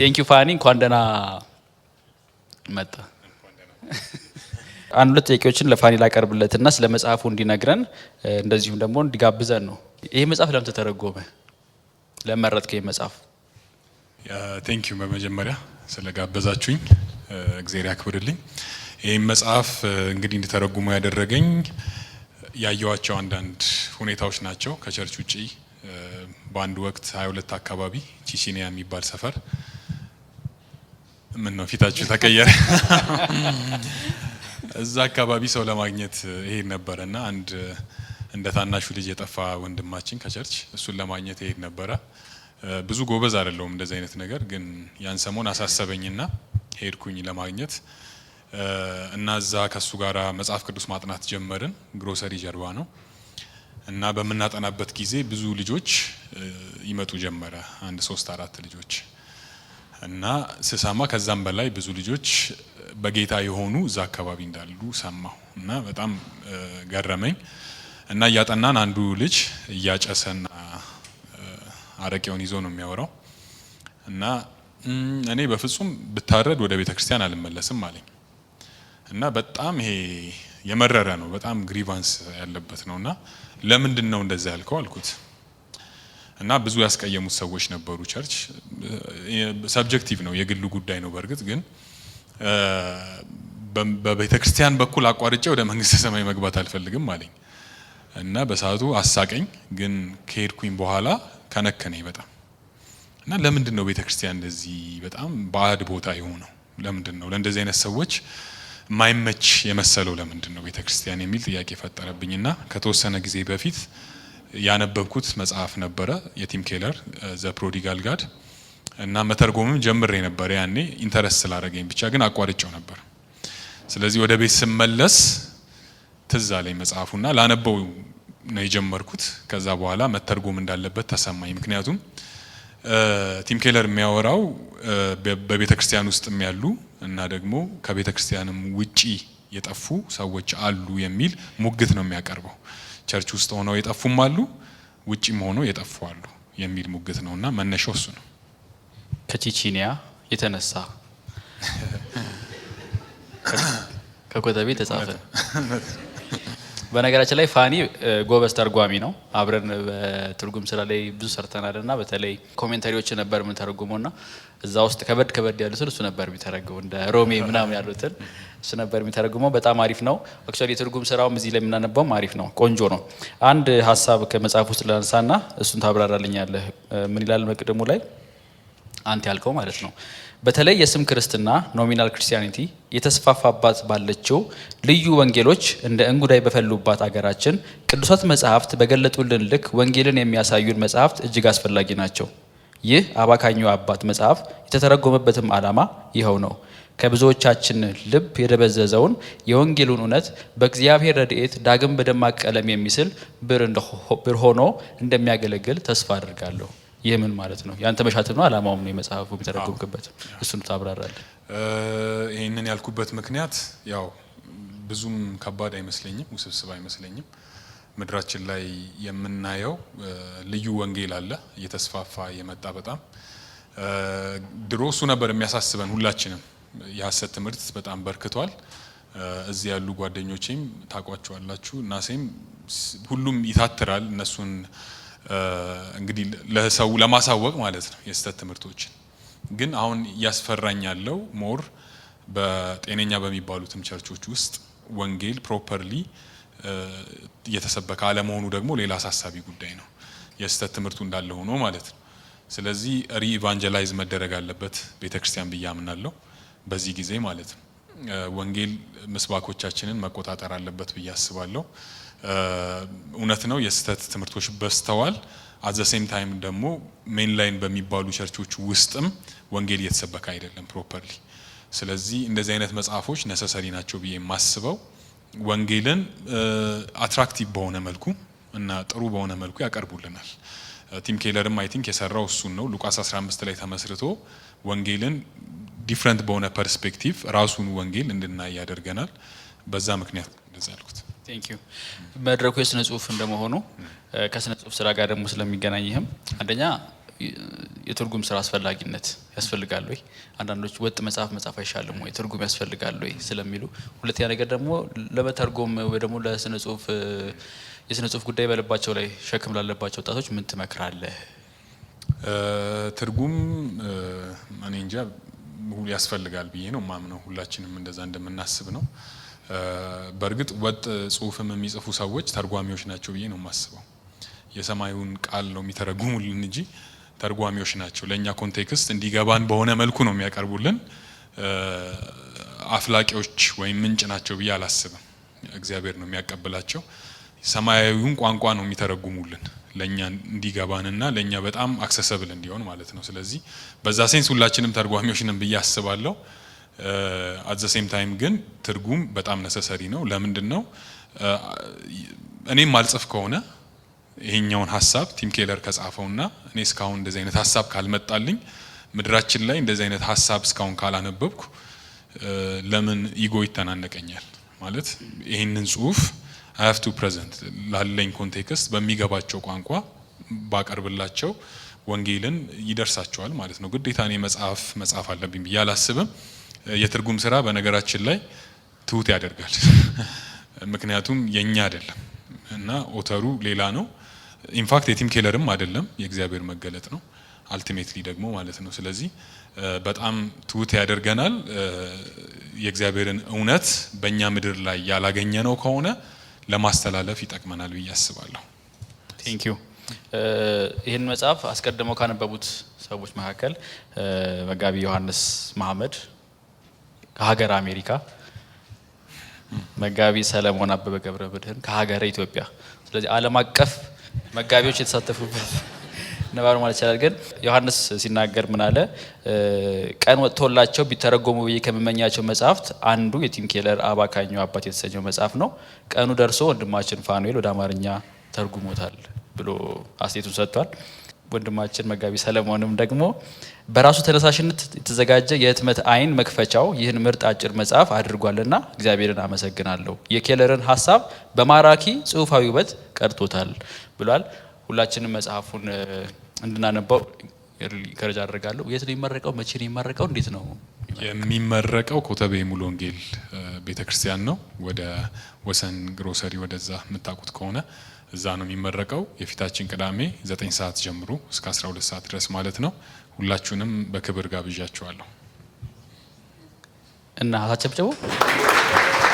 ቴንኪ ፋኒ፣ እንኳን ደህና መጣ። አንድ ሁለት ጥያቄዎችን ለፋኒ ላቀርብለትና ስለ መጽሐፉ እንዲነግረን እንደዚሁም ደግሞ እንዲጋብዘን ነው። ይህ መጽሐፍ ለምን ተተረጎመ? ለመረጥከ ይህ መጽሐፍ ቴንኪዩ። በመጀመሪያ ስለ ጋበዛችሁኝ እግዜር ያክብርልኝ። ይህም መጽሐፍ እንግዲህ እንዲተረጉሙ ያደረገኝ ያየዋቸው አንዳንድ ሁኔታዎች ናቸው። ከቸርች ውጪ በአንድ ወቅት ሀያ ሁለት አካባቢ ቺሲኒያ የሚባል ሰፈር ምን ነው ፊታችሁ ተቀየረ? እዛ አካባቢ ሰው ለማግኘት ይሄድ ነበረ እና አንድ እንደ ታናሹ ልጅ የጠፋ ወንድማችን ከቸርች እሱን ለማግኘት ይሄድ ነበረ። ብዙ ጎበዝ አይደለውም እንደዚህ አይነት ነገር ግን ያን ሰሞን አሳሰበኝና ሄድኩኝ ለማግኘት እና እዛ ከሱ ጋር መጽሐፍ ቅዱስ ማጥናት ጀመርን። ግሮሰሪ ጀርባ ነው እና በምናጠናበት ጊዜ ብዙ ልጆች ይመጡ ጀመረ። አንድ ሶስት አራት ልጆች እና ስሰማ ከዛም በላይ ብዙ ልጆች በጌታ የሆኑ እዛ አካባቢ እንዳሉ ሰማሁ እና በጣም ገረመኝ። እና እያጠናን አንዱ ልጅ እያጨሰና አረቄውን ይዞ ነው የሚያወራው። እና እኔ በፍጹም ብታረድ ወደ ቤተ ክርስቲያን አልመለስም አለኝ። እና በጣም ይሄ የመረረ ነው፣ በጣም ግሪቫንስ ያለበት ነው። እና ለምንድን ነው እንደዛ ያልከው አልኩት። እና ብዙ ያስቀየሙት ሰዎች ነበሩ። ቸርች ሰብጀክቲቭ ነው፣ የግሉ ጉዳይ ነው። በእርግጥ ግን በቤተ ክርስቲያን በኩል አቋርጬ ወደ መንግስተ ሰማይ መግባት አልፈልግም አለኝ እና በሰዓቱ አሳቀኝ። ግን ከሄድኩኝ በኋላ ከነከነኝ በጣም እና ለምንድን ነው ቤተ ክርስቲያን እንደዚህ በጣም ባዕድ ቦታ የሆነው? ለምንድን ነው ለእንደዚህ አይነት ሰዎች ማይመች የመሰለው? ለምንድን ነው ቤተ ክርስቲያን የሚል ጥያቄ ፈጠረብኝና ከተወሰነ ጊዜ በፊት ያነበብኩት መጽሐፍ ነበረ የቲም ኬለር ዘ ፕሮዲጋል ጋድ እና መተርጎምም ጀምሬ ነበረ ያኔ ኢንተረስት ስላደረገኝ ብቻ ግን አቋርጫው ነበር። ስለዚህ ወደ ቤት ስመለስ ትዛ ላይ መጽሐፉና ላነበው ነው የጀመርኩት። ከዛ በኋላ መተርጎም እንዳለበት ተሰማኝ። ምክንያቱም ቲም ኬለር የሚያወራው በቤተ ክርስቲያን ውስጥም ያሉ እና ደግሞ ከቤተ ክርስቲያንም ውጪ የጠፉ ሰዎች አሉ የሚል ሙግት ነው የሚያቀርበው። ቸርች ውስጥ ሆነው የጠፉም አሉ፣ ውጭም ሆኖ የጠፉ አሉ የሚል ሙግት ነው እና መነሻው እሱ ነው። ከቼቼኒያ የተነሳ ከኮተቤ ተጻፈ። በነገራችን ላይ ፋኒ ጎበዝ ተርጓሚ ነው። አብረን በትርጉም ስራ ላይ ብዙ ሰርተናል እና በተለይ ኮሜንታሪዎች ነበር የምንተረጉመው እና እዛ ውስጥ ከበድ ከበድ ያሉትን እሱ ነበር የሚተረጉመው፣ እንደ ሮሜ ምናምን ያሉትን እሱ ነበር የሚተረጉመው። በጣም አሪፍ ነው። አክቹዋሊ የትርጉም ስራውም እዚህ ላይ የምናነባውም አሪፍ ነው፣ ቆንጆ ነው። አንድ ሀሳብ ከመጽሐፍ ውስጥ ላንሳና እሱን ታብራራልኛለህ። ምን ይላል መቅድሙ ላይ አንተ ያልከው ማለት ነው። በተለይ የስም ክርስትና ኖሚናል ክርስቲያኒቲ የተስፋፋባት ባለችው ልዩ ወንጌሎች እንደ እንጉዳይ በፈሉባት አገራችን ቅዱሳት መጽሐፍት በገለጡልን ልክ ወንጌልን የሚያሳዩን መጽሐፍት እጅግ አስፈላጊ ናቸው። ይህ አባካኙ አባት መጽሐፍ የተተረጎመበትም ዓላማ ይኸው ነው። ከብዙዎቻችን ልብ የደበዘዘውን የወንጌሉን እውነት በእግዚአብሔር ረድኤት ዳግም በደማቅ ቀለም የሚስል ብር ሆኖ እንደሚያገለግል ተስፋ አድርጋለሁ። ይህ ምን ማለት ነው? ያንተ መሻትም ነው አላማውም ነው የመጽሐፉ የሚተረጎምክበት እሱን ታብራራለ። ይህንን ያልኩበት ምክንያት ያው ብዙም ከባድ አይመስለኝም፣ ውስብስብ አይመስለኝም። ምድራችን ላይ የምናየው ልዩ ወንጌል አለ እየተስፋፋ የመጣ በጣም ድሮ እሱ ነበር የሚያሳስበን ሁላችንም። የሀሰት ትምህርት በጣም በርክቷል። እዚህ ያሉ ጓደኞቼም ታቋቸዋላችሁ። እናሴም ሁሉም ይታትራል እነሱን እንግዲህ ለሰው ለማሳወቅ ማለት ነው የስህተት ትምህርቶችን። ግን አሁን እያስፈራኝ ያለው ሞር በጤነኛ በሚባሉትም ቸርቾች ውስጥ ወንጌል ፕሮፐርሊ እየተሰበከ አለመሆኑ ደግሞ ሌላ አሳሳቢ ጉዳይ ነው። የስህተት ትምህርቱ እንዳለ ሆኖ ማለት ነው። ስለዚህ ሪኢቫንጀላይዝ መደረግ አለበት ቤተክርስቲያን ብዬ አምናለሁ። በዚህ ጊዜ ማለት ነው ወንጌል ምስባኮቻችንን መቆጣጠር አለበት ብዬ አስባለሁ። እውነት ነው የስህተት ትምህርቶች አዘ አዘሴም ታይም ደግሞ ሜን ላይን በሚባሉ ቸርቾች ውስጥም ወንጌል እየተሰበከ አይደለም ፕሮፐርሊ። ስለዚህ እንደዚህ አይነት መጽሐፎች ነሰሰሪ ናቸው ብዬ የማስበው ወንጌልን አትራክቲቭ በሆነ መልኩ እና ጥሩ በሆነ መልኩ ያቀርቡልናል። ቲም ኬለርም አይ ቲንክ የሰራው እሱን ነው። ሉቃስ 15 ላይ ተመስርቶ ወንጌልን ዲፍረንት በሆነ ፐርስፔክቲቭ ራሱን ወንጌል እንድናይ ያደርገናል። በዛ ምክንያት እንደዛ ያልኩት። ቴንክ ዩ መድረኩ የስነ ጽሁፍ እንደመሆኑ ከስነ ጽሁፍ ስራ ጋር ደግሞ ስለሚገናኝህም አንደኛ የትርጉም ስራ አስፈላጊነት ያስፈልጋል ወይ? አንዳንዶች ወጥ መጽሐፍ መጽሐፍ አይሻልም ወይ ትርጉም ያስፈልጋል ወይ ስለሚሉ፣ ሁለተኛ ነገር ደግሞ ለመተርጎም ወይ ደግሞ ለስነ ጽሁፍ የስነ ጽሁፍ ጉዳይ በልባቸው ላይ ሸክም ላለባቸው ወጣቶች ምን ትመክራለህ? ትርጉም እኔ እንጃ ያስፈልጋል ብዬ ነው ማምነው። ሁላችንም እንደዛ እንደምናስብ ነው በእርግጥ ወጥ ጽሁፍም የሚጽፉ ሰዎች ተርጓሚዎች ናቸው ብዬ ነው የማስበው። የሰማዩን ቃል ነው የሚተረጉሙልን እንጂ ተርጓሚዎች ናቸው። ለእኛ ኮንቴክስት እንዲገባን በሆነ መልኩ ነው የሚያቀርቡልን። አፍላቂዎች ወይም ምንጭ ናቸው ብዬ አላስብም። እግዚአብሔር ነው የሚያቀብላቸው። ሰማያዊውን ቋንቋ ነው የሚተረጉሙልን ለእኛ እንዲገባንና ለእኛ በጣም አክሰሰብል እንዲሆን ማለት ነው። ስለዚህ በዛ ሴንስ ሁላችንም ተርጓሚዎች ነን ብዬ አስባለሁ። አዘሴም uh, ታይም ግን ትርጉም በጣም ነሰሰሪ ነው። ለምንድን ነው uh, እኔም አልጽፍ ከሆነ ይሄኛውን ሀሳብ ቲም ኬለር ከጻፈውና እኔ እስካሁን እንደዚህ አይነት ሀሳብ ካልመጣልኝ ምድራችን ላይ እንደዚህ አይነት ሀሳብ እስካሁን ካላነበብኩ ለምን ኢጎ ይተናነቀኛል? ማለት ይህንን ጽሁፍ አይ ሃቭ ቱ ፕሬዘንት ላለኝ ኮንቴክስት በሚገባቸው ቋንቋ ባቀርብላቸው ወንጌልን ይደርሳቸዋል ማለት ነው። ግዴታ እኔ መጽሐፍ መጽሐፍ አለብኝ ብዬ አላስብም። የትርጉም ስራ በነገራችን ላይ ትሁት ያደርጋል። ምክንያቱም የኛ አይደለም እና ኦተሩ ሌላ ነው። ኢንፋክት የቲም ኬለርም አይደለም የእግዚአብሔር መገለጥ ነው አልቲሜትሊ ደግሞ ማለት ነው። ስለዚህ በጣም ትሁት ያደርገናል። የእግዚአብሔርን እውነት በእኛ ምድር ላይ ያላገኘ ነው ከሆነ ለማስተላለፍ ይጠቅመናል ብዬ አስባለሁ። ቴንክ ዩ። ይህን መጽሐፍ አስቀድመው ካነበቡት ሰዎች መካከል መጋቢ ዮሐንስ መሀመድ ከሀገር አሜሪካ መጋቢ ሰለሞን አበበ ገብረ ብድህን ከሀገረ ኢትዮጵያ። ስለዚህ ዓለም አቀፍ መጋቢዎች የተሳተፉበት ነባሩ ማለት ይችላል። ግን ዮሐንስ ሲናገር ምን አለ? ቀን ወጥቶላቸው ቢተረጎሙ ብዬ ከምመኛቸው መጽሐፍት አንዱ የቲም ኬለር አባካኙ አባት የተሰኘው መጽሐፍ ነው። ቀኑ ደርሶ ወንድማችን ፋኑኤል ወደ አማርኛ ተርጉሞታል ብሎ አስተያየቱን ሰጥቷል። ወንድማችን መጋቢ ሰለሞንም ደግሞ በራሱ ተነሳሽነት የተዘጋጀ የህትመት አይን መክፈቻው ይህን ምርጥ አጭር መጽሐፍ አድርጓልና እግዚአብሔርን አመሰግናለሁ። የኬለርን ሀሳብ በማራኪ ጽሁፋዊ ውበት ቀርቶታል ብሏል። ሁላችንም መጽሐፉን እንድናነባው ከረጃ አድርጋለሁ። የት ነው የሚመረቀው? መቼ ነው የሚመረቀው? እንዴት ነው የሚመረቀው? ኮተቤ ሙሉ ወንጌል ቤተክርስቲያን ነው፣ ወደ ወሰን ግሮሰሪ ወደዛ የምታውቁት ከሆነ እዛ ነው የሚመረቀው። የፊታችን ቅዳሜ ዘጠኝ ሰዓት ጀምሮ እስከ 12 ሰዓት ድረስ ማለት ነው። ሁላችሁንም በክብር ጋብዣችኋለሁ እና አጨብጭቡ።